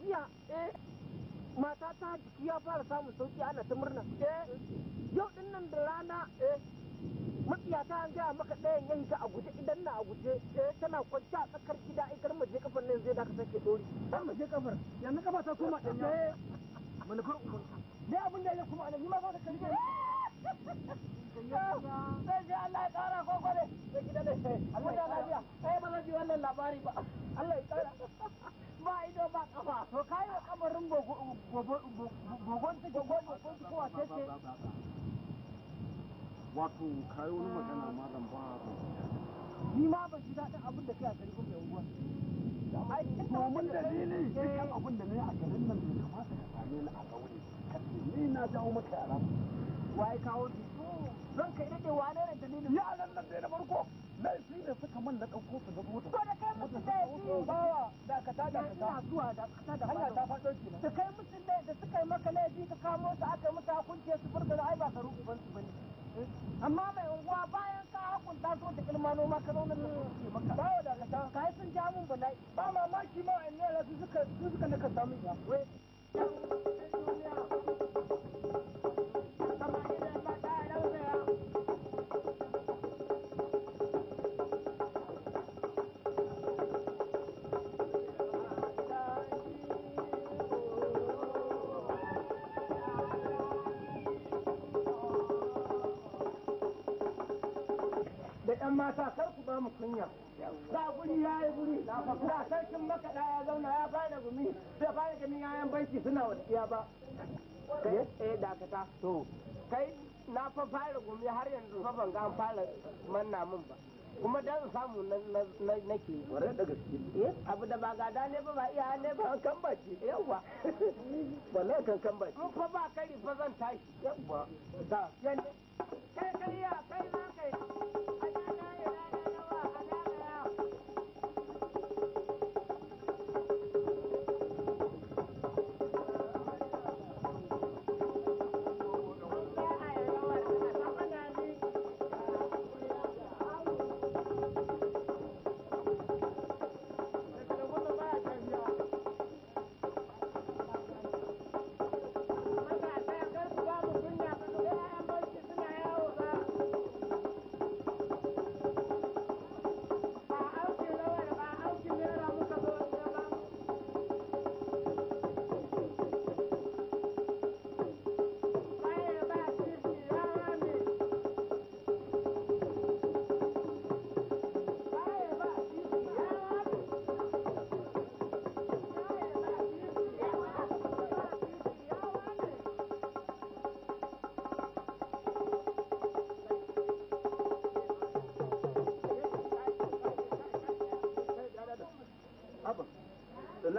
jiya eh mata ta jiki ya fara samun sauki ana ta murna eh yau din nan da rana eh ta an gaya maka ɗayan ya hita a guje idan na a guje eh, tana kwanci a tsakar gida ai garma je kafar nan zai da ka sake dori garma je kafar yanzu kafa ta koma ɗanya eh. manufar umarta ne abin da ya kuma anan ma ba ta kan gari zai je Allah ya ƙara ko kwale da gida ne eh, Allah ya lafiya kai ba zan ji wannan labari ba Allah ya ƙara ba ido ba kafa to kai wa kabarin gogon su gogon ko su kowa cece wato wani magana ba ni ma ban ji daɗin abin da kai a garin mai unguwa domin dalili dukkan abin da ne a garin nan bai kamata ka same ni a gauri ni na jawo maka yara waye kawo ki zan kai nake wane ne dalilin yaran nan dai na farko na shi ne suka man su da da kai musu da shi bawa da ka ta da ka ta zuwa da ka ta da hanya ta faɗo kenan da kai musu da da suka yi maka laifi ka kamo su aka musu hukunce su burga da ai ba ka ruku ban su bane amma mai unguwa bayan ka hukunta so da ilmano ma ka zauna da hukunce maka bawa da ka ta kai sun ja mun bala'i ba mamaki ma in ne su suka su suka naka samu ya da gumi sai fara ganin yayan banki suna wasiya ba kai eh dakata to kai na fa fara gumi har yanzu fa ban ga an fara manna mun ba kuma dan samu nake ware da gaske eh, abu da ba gada ne ba ba iya ne ba kan baki yawa wallahi kan kan baki mun fa ba kai fa zan tashi yawa da kai kai ya kai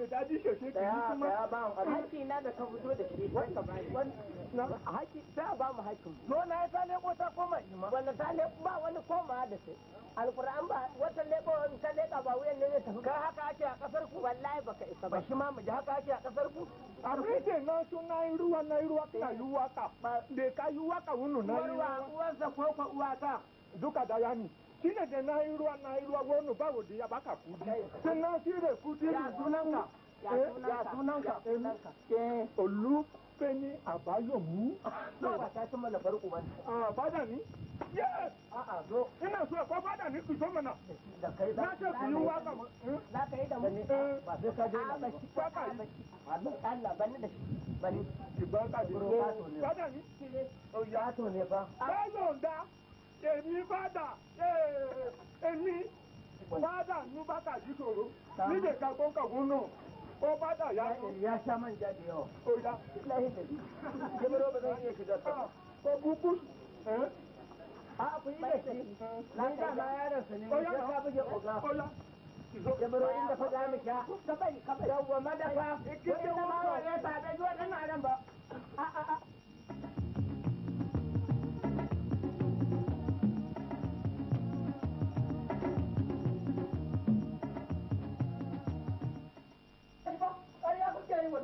wato ta ji shoshe ka yi kuma ya ba mu na da ka fito da shi wanda ba na ba mu na ya ta koma ba wani koma da shi alquran ba wata in ta leka ba wuyan ne ne tafi ka haka ake a kasar ku wallahi baka isa ba shi ma mu ji haka ake a kasar ku a rike na na yi ruwa na yi ruwa ka yi waka da ka yi waka wunu na yi ruwa ko ka uwa ta duka da yani kile de na irua na irua wonu bawo de abaka kudi se na sire kudi dunanka ya dunanka ke olu peni abayomu no ba ta tuma na farko ba ah fada ni yes a a zo ina so ko fada ni ku tuma na da kai da na ce ku yi waka na kai da mu ba sai ka je ba shi ba ba Allah ban da shi ban ki ba ka ji fada ni o ya to ne ba ba zo da èmi fada ee ẹni wáádà nú bàtà yìí ṣòro nídè kan tó ń kàwé nù ó bàtà yá sùn. ìyá sámà ń jáde ọ. ó yá lẹ́yìn tẹ̀lé. Ah, kébèrè ó bẹ̀rẹ̀ yín ìṣèjọ tó. kò bu kú. a kò yí bẹ̀ sí. láńkà máa yá rẹ̀ sùn ní ìjọba bójú ọ̀gá. kébèrè inda fa da mu sha. yawwa madafa. wani zama wani ba da juwa ɗan adam ah, ba. a'a. Ah,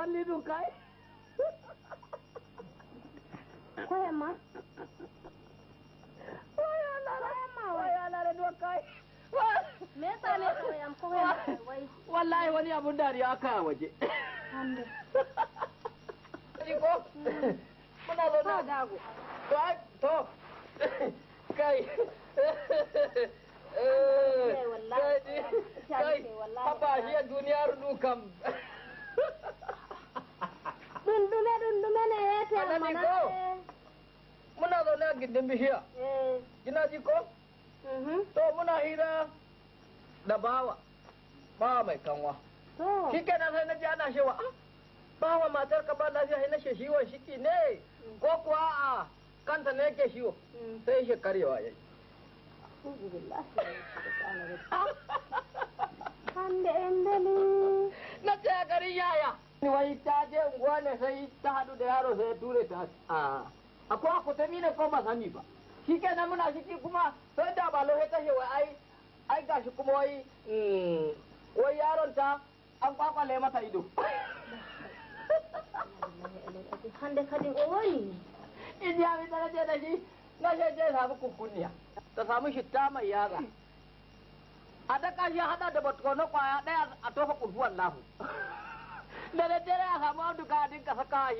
kallidun kai ma koyan ma koyan ma me ta ne koyan koyan wai wallahi wani abun dariya aka waje ko muna zo na dago to kai kai kai haba hiya duniyar dukan dundume dundume ne ya ta mana ne. muna zaune a gindin bishiya gina ji ko to muna hira da bawa bawa mai kanwa shi na sai na ji ana shewa ah, bawa matar ka ba lafiya na she shiwon shiki ne mm. ko kuwa a ah, kanta ne yake shiwo mm. sai shi karyewa yayi Kan da 'yan dali. Na ce garin yaya. wai ta je unguwa ne sai ta haɗu da yaro sai ya ture ta a ah, akwai ko akutami ne ko ba sani ba shi kenan muna ciki kuma sai da ba lauya ta wai ai ai ga shi kuma hmm, wai wai yaron ta an kwakwale mata ido hande kadin owoli in ya mi bi tare da shi na shi je samu kunkunniya ta samu shi ta mai yaga a daka shi hada da batko na kwaya daya a tofa kulhuwan lahu da dare a samu auduga ka saka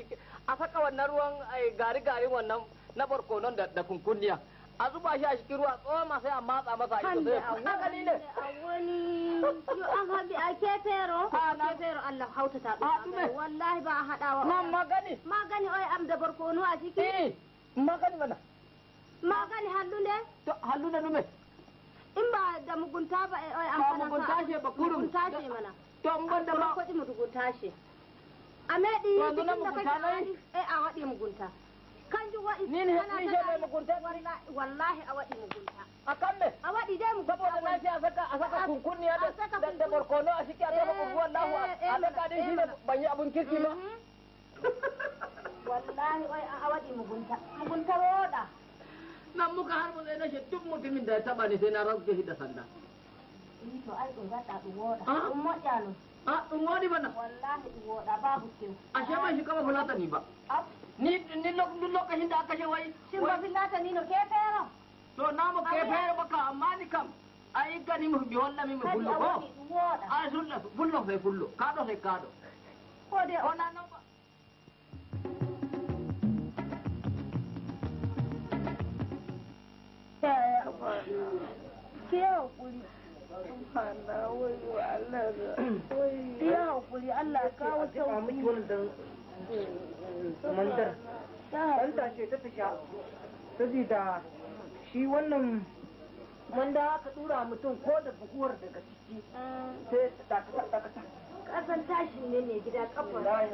a saka wannan ruwan gari eh, gari wannan na nan da kunkunniya a zuba shi a cikin ruwa masu yi a matsa masa a ido sai a hankali ne a wani yu an habi a kefero a kefero Allah hauta ta wallahi ba a wa. ma magani magani oi am da barko a ciki eh magani mana magani hallunde to hallunde nume in ba da mugunta ba eh, oi an kana mugunta ce ba kurum mugunta ce mana to an shi a me ɗi yanzu na eh a waɗi mugunta kan ji waɗi ni ne ni wallahi a waɗi mugunta a kan me a dai mugunta saboda a saka a da da barkono a shike a saka eh, kunkuwan lahu eh, eh, a saka dai shi ban yi abun kirki ba wallahi wai a waɗi mugunta mugunta roda nan muka har mu ne na shi duk mutumin da ya taba ni sai na rantsa shi da sanda to ai a ɗum woɗi bana ashe ɓay shi kama fulatani ba ni ni lokacin da aka ce wai shin ba fulatani no kefeero to namo kefeero ba ka ni kam ai gani mi mi hollami mi fullo ko a sulla fullo fe fullo kaɗo fe kaɗo ko de ona no Yeah, yeah, yeah. ya haƙuri Allah kawo sauƙi mandar Banta ce ta fita sabida shi wannan manda aka ɗura mutum ko da buguwar daga ciki sai dakata dakata ƙasan tashi ne ne gida kafar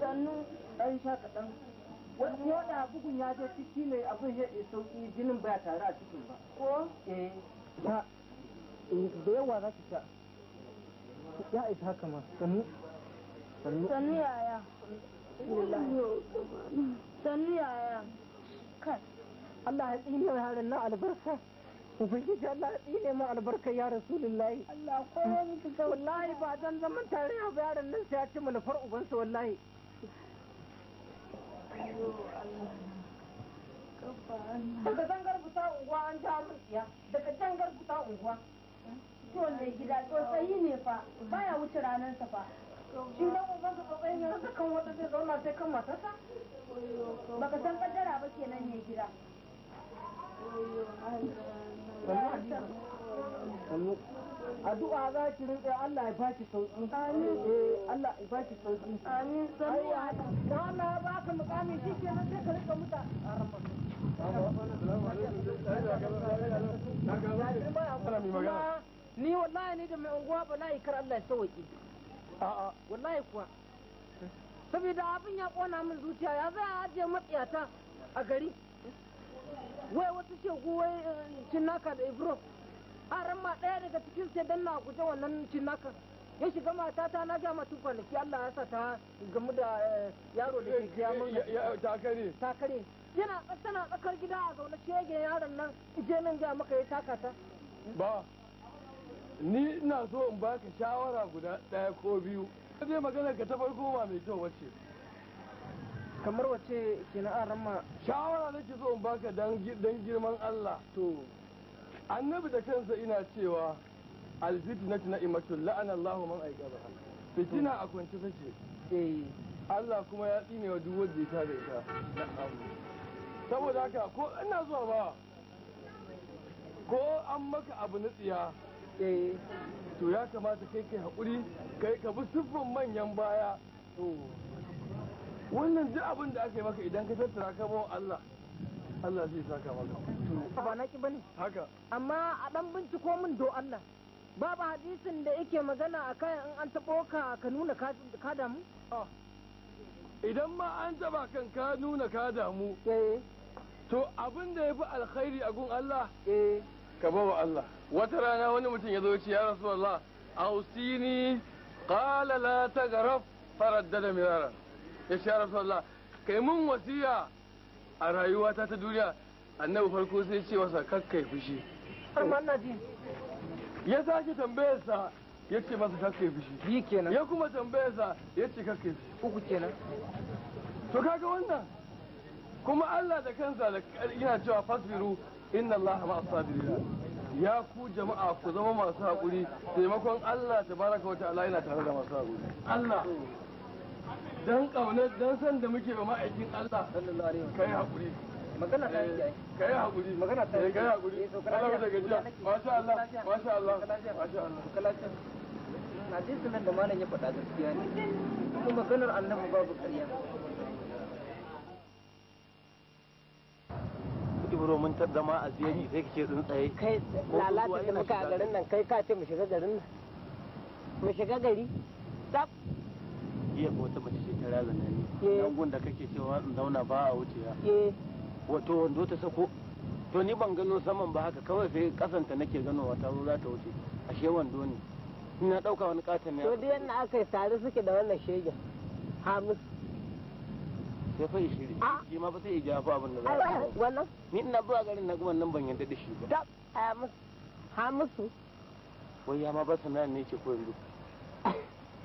sannu ɗan sha kaɗan ko bugun ya je ciki ne abin ya yi sauƙi jinin ba tare a cikin ba ko eh, eh da yawa za ki sha ya isa haka ma sannu sannu yaya sannu yaya kai Allah ya tsine na albarka ubangiji Allah ya tsine mu albarka ya rasulullahi Allah ko wallahi ba zan zaman tare ba yaran nan sai ya ci manufar ubansa wallahi daga zangar buta unguwa an ja murciya daga zangar buta unguwa to mai gida to sai ne fa baya wuce ranar sa fa shi da uban ka tsotsai ne ka kan wata zai zauna sai kan matarsa baka san kaddara ba kenan ne gida sannu addu'a za ki rinƙa Allah ya baki sauƙi. amin eh Allah ya baki sauƙi. amin sai ya da Allah ya baka mukami shi ke nan sai ka rinƙa muta ni wallahi ni da mai unguwa ba layi kar Allah ya sauki a'a wallahi kuwa saboda abin ya kona min zuciya ya za a ajiye matsiyata a gari wai wata shegu wai eh, naka da Ibrahim. aran ma ɗaya daga cikin sai danna a guje wannan cinnakan ya shiga ta na ga masu kwanaki Allah ya sa ta gamu da eh, yaro da ke kiya mun takare takare yana tsana tsakar gida a zaune shege yaron nan ije nan ga maka ya taka ta ba ni ina so in baka shawara guda ɗaya ko biyu zai magana ka ta farko ba mai kyau wacce kamar wacce ke aran ma shawara nake so in baka dan girman Allah to annabi da kansa ina cewa alfitnatu na'imatul la'ana Allahu man ba fitina a kwance take eh Allah kuma ya tsine wa duk wanda ya tada ita saboda haka ko ina zuwa ba ko an maka abu na tsiya eh to ya kamata kai kai haƙuri kai ka bi siffin manyan baya oh. wannan duk abin da aka yi maka idan ka tattara ka bawa Allah Allah zai saka maka ba na ki bane haka amma a dan binciko min do Allah babu hadisin da yake magana akan in an tabo ka ka nuna ka damu ah. idan ma an taba kan ka nuna ka damu eh. to abin da yafi alkhairi a gun Allah eh. ka bawa Allah wata rana wani mutum ya zo ya rasu Allah. ausini qala la tagraf faraddada miraran ya ce ya Allah kai mun wasiya a rayuwata ta duniya annabi farko sai ce masa kakkai fushi har ji ya sake tambayarsa ya ce masa kakkai fushi bi kenan ya kuma tambayarsa ya ce kakkai fushi uku kenan to kaga wannan kuma Allah da kansa da yana cewa fasbiru inna Allah ma sabirin ya ku jama'a ku zama masu haƙuri taimakon Allah tabaraka wa ta'ala yana tare da masu haƙuri Allah dan kaunar dan san da muke ba ma'aikin Allah sallallahu alaihi wasallam kai hakuri magana ta yi kai hakuri magana ta yi eh, kai hakuri eh, Allah da gajiya masha Allah masha Allah masha Allah na ji sunan da malam ya faɗa gaskiya ne kuma maganar annabi babu ƙarya ibro mun tadda ma a ziyari sai kace tsuntsaye kai lalata da ka a garin nan kai ka ce mu shiga garin nan mu shiga gari tsaf jiya ko wata mace ta razana ne eh. dangun da kake cewa in zauna ba a wucewa eh. wato wando ta sako to ni ban gano saman ba haka kawai sai kasanta nake gano wata za ta wuce ashe wando ne ina dauka wani katon ne to duk yanda aka yi tare suke da wannan shegen hamis sai fa shiri ah. shi ma ba sai ya jafa abin da za a yi wannan ni ina zuwa garin na kuma nan ban yadda da shi ba hamisu wai ya ma ba sanar ne ke ko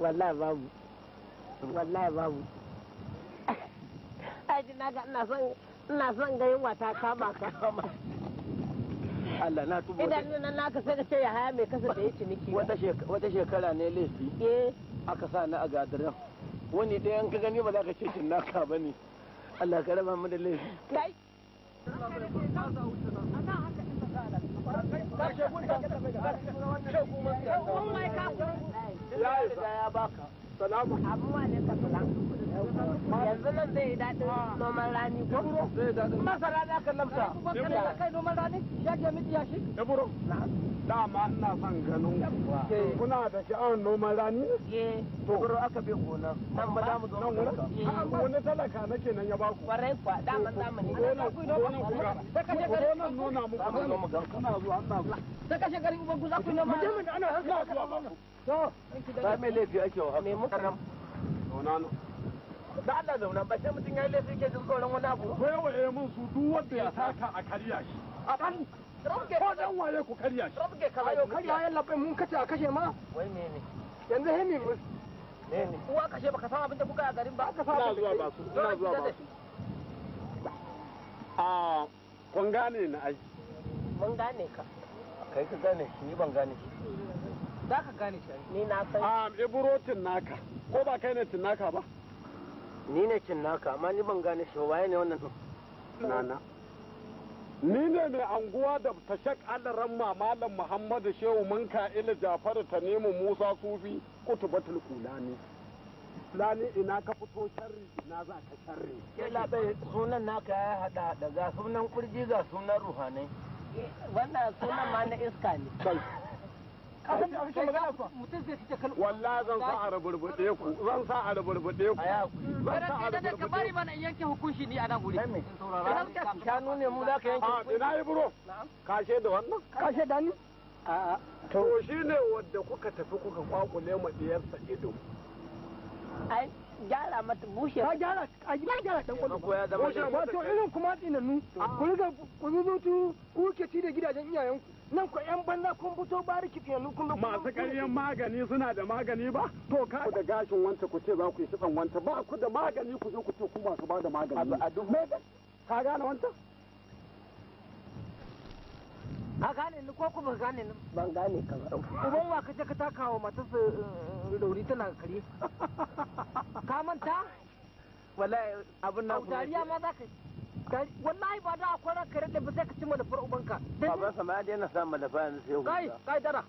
wallahi babu wallahi babu aji na ga ina son ina son ga yunwa ta kama ka Allah na tubo idan nan naka sai ce ya haya mai kasa da ya ciniki wata shekara ne laifi eh aka sa ni a gadaran wani ɗaya in ka gani ba za ka ce cin naka ba ne Allah ka raba mu da laifi kai Kashe kun da ka tafi da kashe kuma ka ya isa ya baka salamu amma ne ka salamu yanzu nan zai yi daɗin noman rani ko? zai daɗin masara da aka lamta da kai noman rani ya ke miti ya shi? da buro dama ina son ganin kuna da sha'awar noman rani? to buro aka bi gona nan ba za mu zo nan wurin wani talaka nake nan ya baku kwarai kwa dama zamani gona gona kuka saka shekaru gona nuna muku kana zuwa kana zuwa saka shekaru uban ku za ku noman mutumin ana hankali to ba mai laifi ake wa haka me muka nan da Allah zauna ba sai mutum ya yi laifi ke jin tsoron wani abu ko yawa ya mun su duk wanda ya saka a karya shi a ko dan waye ku karya shi rabge kaza ayo karya ya mun kace a kashe ma wai yanzu he ne mun uwa kashe baka san abin da kuka a garin ba aka fara zuwa ba su ina zuwa ba su a ah, kun gane na ai mun gane ka kai ka gane shi ni ban gane shi za ka gane shi ni na san a ah, ibrotin naka ko ba kai ne tinaka ba ni ne cin naka amma ni ban gane shi waye ne wannan nana ni ne mai anguwa da tashak alaran malam muhammadu shehu mun ila jafaru ta nemi musa sufi kutubatul kulani lani ina ka fito sharri ina za ka sharri ke bai sunan naka ya hada hada ga sunan kurji ga sunan ruhanai wannan sunan ma na iska ne wallahi zan sa a raburbuɗe ku zan sa a raburbuɗe ku zan sa a raburbuɗe ku bari mana yanke hukunci ni a nan guri ka nune mu za ka yanke ah, hukunci ina yi buro kashe da wannan kashe da ni to shi ne wadda kuka tafi kuka kwakule ma diyarsa ido ai gyara mata bushe ka gyara a gyara dan kwallo irin kuma tsinannu da gidajen iyayenku nan ku yan banza kun fito bariki tsayanu kun da masu ƙaryen magani suna da magani ba to ka da gashin wanta ku ce za ku yi kitsan wanta ba ku da magani ku zo ku ce ku masu ba da magani a duk me ka gane wanta ka gane ni ko kuma gane ni ban gane ka ba uban wa je ka taka wa su dauri eh, tana kare ka manta wallahi abin na ku dariya ma za ka wallahi ba da akwai ranka rade ba zai ka ci malafar ubanka baban sa ma daina sa malafa yanzu sai hukunta kai kai dara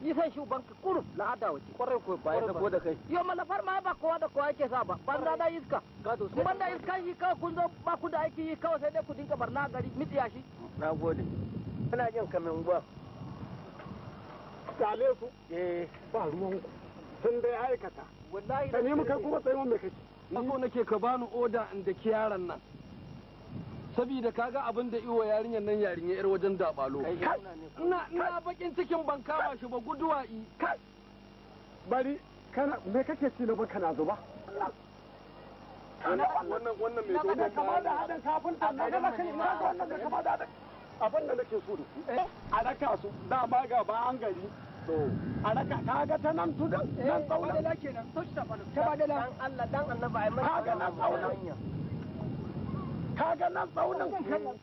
yi sai shi ubanka kurum na ada wace kwarai ko ba ya sako da kai yo malafar ma ba kowa da kowa yake sa ba ban da iska gado sai ban da iska yi ka kun zo ba ku da aiki yi kawai sai dai ku dinga barna gari mitsiya shi na nagode kana jin kamin gwa kale su eh ba ruwan ku sun dai aikata wallahi ka nemi kai kuma tsayin mai kake ni nake ka bani oda inda kiyaran nan saboda kaga abin da iwa yarinyar nan yarinya yar wajen dabalo na bakin cikin ban kama shi ba guduwa i bari kana me kake ci na kana zuba wannan wannan mai da hadin kafin ta na kai na wannan da da abin so eh? a raka su da ba ga ba an gari a raka ka ga eh, da da ka ga nan tsaunin